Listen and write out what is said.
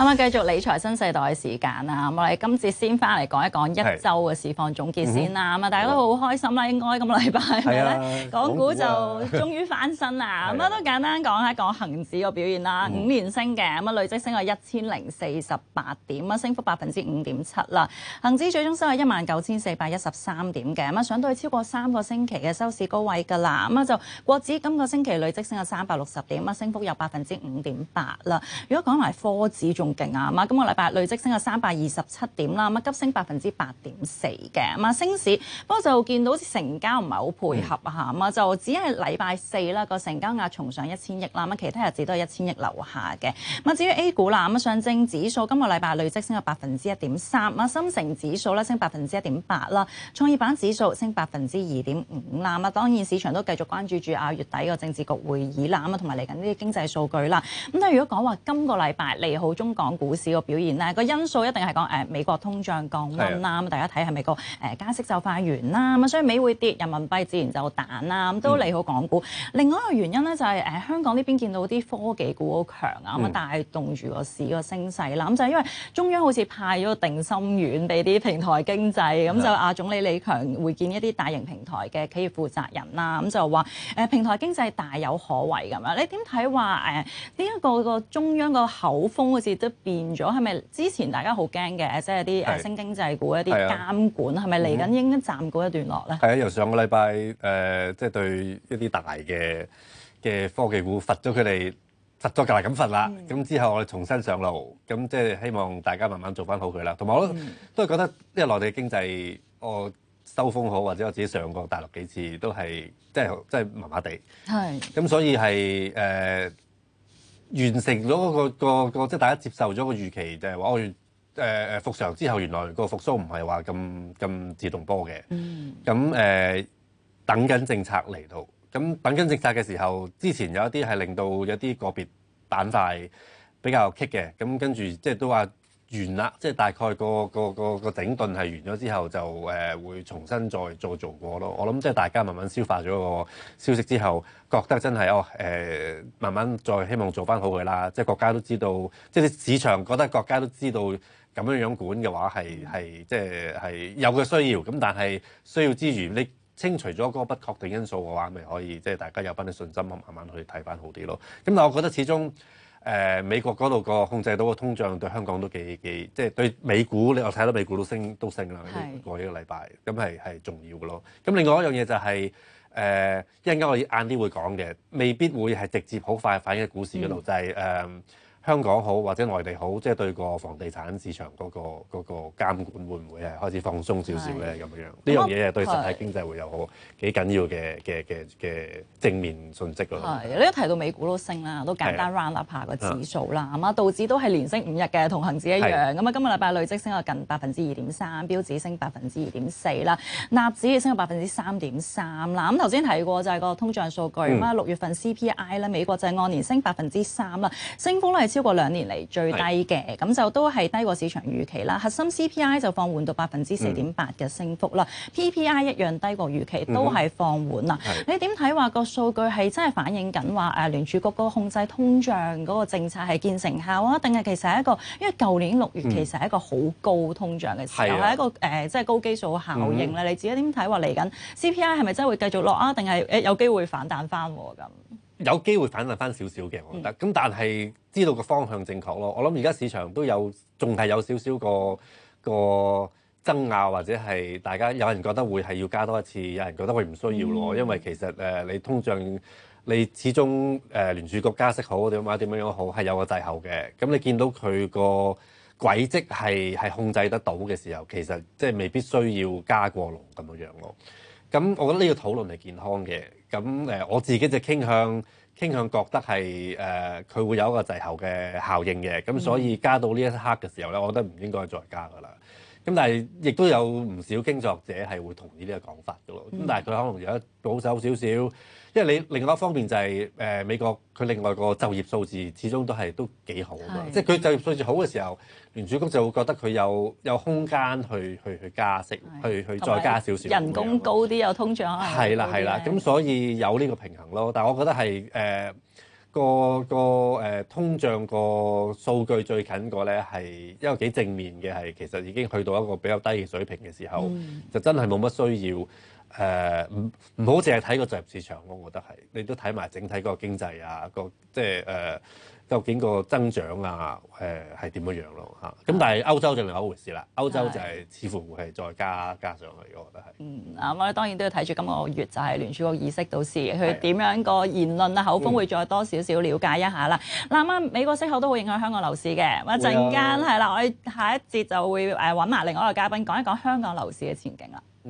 咁啊，繼續理財新世代嘅時間啦。咁我哋今次先翻嚟講一講一周嘅市況總結先啦。咁啊、嗯哼，大家都好開心啦，應該今個禮拜咧，港股、啊、就終於翻身啦。咁、嗯、哼啊， 啊都簡單講下講恒指個表現啦。嗯、哼五年升嘅，咁啊累積升咗一千零四十八點，啊升幅百分之五點七啦。恒指最終收喺一萬九千四百一十三點嘅，咁啊上到去超過三個星期嘅收市高位㗎啦。咁啊就國指今個星期累積升咗三百六十點，啊升幅有百分之五點八啦。如果講埋科指仲，勁啊！咁啊、嗯，今個禮拜累積升咗三百二十七點啦，咁急升百分之八點四嘅。咁啊，升市不過就見到成交唔係好配合嚇，咁啊就只係禮拜四啦，個成交額重上一千億啦，咁其他日子都係一千億樓下嘅。咁啊，至於 A 股啦，咁上證指數今個禮拜累積升咗百分之一點三，啊深成指數咧升百分之一點八啦，創業板指數升百分之二點五啦。咁啊，當然市場都繼續關注住啊月底個政治局會議啦，咁啊同埋嚟緊啲經濟數據啦。咁啊，但如果講話今個禮拜利好中。講股市個表現咧，個因素一定係講誒美國通脹降溫啦，咁的大家睇係美國誒加息就快完啦，咁所以美會跌，人民幣自然就彈啦，咁都利好港股。嗯、另外一個原因咧就係、是、誒香港呢邊見到啲科技股好強啊，咁帶、嗯、動住個市個聲勢啦。就是、因為中央好似派咗個定心丸俾啲平台經濟，咁就阿總理李強會見一啲大型平台嘅企業負責人啦，咁就話誒平台經濟大有可為咁樣。你點睇話誒呢一個個中央個口風好似？即係變咗，係咪之前大家好驚嘅，即係啲誒新經濟股一啲監管，係咪嚟緊應該暫告一段落咧？係啊，由上個禮拜誒，即係對一啲大嘅嘅科技股罰咗佢哋，罰咗隔籬咁罰啦。咁之後我哋重新上路，咁即係希望大家慢慢做翻好佢啦。同埋我覺得都係覺得，因為內地嘅經濟我收風好，或者我自己上過大陸幾次，都係即係即係麻麻地。係。咁所以係誒。完成咗個個個即係大家接受咗個預期，就係話我誒誒復常之後，原來個復甦唔係話咁咁自動波嘅。咁誒、嗯呃、等緊政策嚟到，咁等緊政策嘅時候，之前有一啲係令到有啲個別板塊比較棘嘅，咁跟住即係都話。完啦，即係大概個個個個,個整頓係完咗之後就，就、呃、誒會重新再再做,做,做過咯。我諗即係大家慢慢消化咗個消息之後，覺得真係哦誒、呃，慢慢再希望做翻好佢啦。即係國家都知道，即係市場覺得國家都知道咁樣樣管嘅話，係係即係係有嘅需要。咁但係需要之餘，你清除咗嗰個不確定因素嘅話，咪可以即係大家有翻啲信心，慢慢去睇翻好啲咯。咁但係我覺得始終。誒、呃、美國嗰度個控制到個通脹，對香港都幾幾，即係對美股，你我睇到美股都升都升啦，是過一個禮拜咁係係重要嘅咯。咁另外一樣嘢就係、是、誒、呃、一陣間我晏啲會講嘅，未必會係直接好快反映喺股市嗰度，嗯、就係、是、誒。呃香港好或者內地好，即係對個房地產市場嗰個嗰個監管會唔會係開始放鬆少少咧？咁樣樣呢樣嘢係對實體經濟會有好幾緊要嘅嘅嘅嘅正面訊息咯。係，你一提到美股都升啦，都簡單 round up 下個指數啦。咁是啊，道指都係連升五日嘅，同恆指一樣。咁啊是是、嗯，今日禮拜累積升咗近百分之二點三，標指升百分之二點四啦，納指升咗百分之三點三啦。咁頭先提過就係個通脹數據，咁啊六月份 CPI 咧美國就係按年升百分之三啦，升幅咧。超過兩年嚟最低嘅，咁的就都係低過市場預期啦。核心 CPI 就放緩到百分之四點八嘅升幅啦，PPI 一樣低過預期，嗯、都係放緩啦。的你點睇話個數據係真係反映緊話誒聯儲局嗰個控制通脹嗰個政策係見成效啊？定係其實係一個因為舊年六月其實係一個好高通脹嘅時候，係、嗯、的一個誒即係高基數效應咧。嗯、你自己點睇話嚟緊 CPI 係咪真係會繼續落啊？定係誒有機會反彈翻咁？有機會反彈翻少少嘅，我覺得咁，但係知道個方向正確咯。我諗而家市場都有，仲係有少少個個爭拗，或者係大家有人覺得會係要加多一次，有人覺得佢唔需要咯。因為其實誒、呃，你通脹，你始終誒、呃，聯儲局加息好點樣點樣樣好，係有個滯後嘅。咁你見到佢個軌跡係係控制得到嘅時候，其實即係未必需要加過龍咁嘅樣咯。咁我覺得呢個討論係健康嘅，咁誒我自己就傾向傾向覺得係誒佢會有一個滯後嘅效應嘅，咁所以加到呢一刻嘅時候咧，我覺得唔應該再加㗎啦。咁但係亦都有唔少經作者係會同意呢個講法嘅咯。咁、嗯、但係佢可能而家保守少少，因為你另外一方面就係、是、誒、呃、美國佢另外個就業數字始終都係都幾好啊，是即係佢就業數字好嘅時候，聯儲局就會覺得佢有有空間去去去加息，是去去再加少少人工高啲又通脹係啦係啦，咁所以有呢個平衡咯。但係我覺得係誒。呃個個誒、呃、通脹個數據最近呢個咧，係因為幾正面嘅係，其實已經去到一個比較低嘅水平嘅時候，mm. 就真係冇乜需要誒，唔、呃、唔好淨係睇個進入市場咯，我覺得係你都睇埋整體嗰個經濟啊，個即係誒。就是呃究竟個增長啊，誒係點樣樣咯嚇咁？是的 但係歐洲就另一回事啦。歐洲就係似乎會係再加是的 加上去，我覺得係，嗯啊，我哋當然都要睇住今個月就係聯儲局議息，到時佢點樣個言論啊口風會再多少少了解一下啦。嗱、嗯、咁、嗯、美國息口都好影響香港樓市嘅。咁啊，陣間係啦，我哋下一節就會誒揾埋另外另一個嘉賓講一講香港樓市嘅前景啦。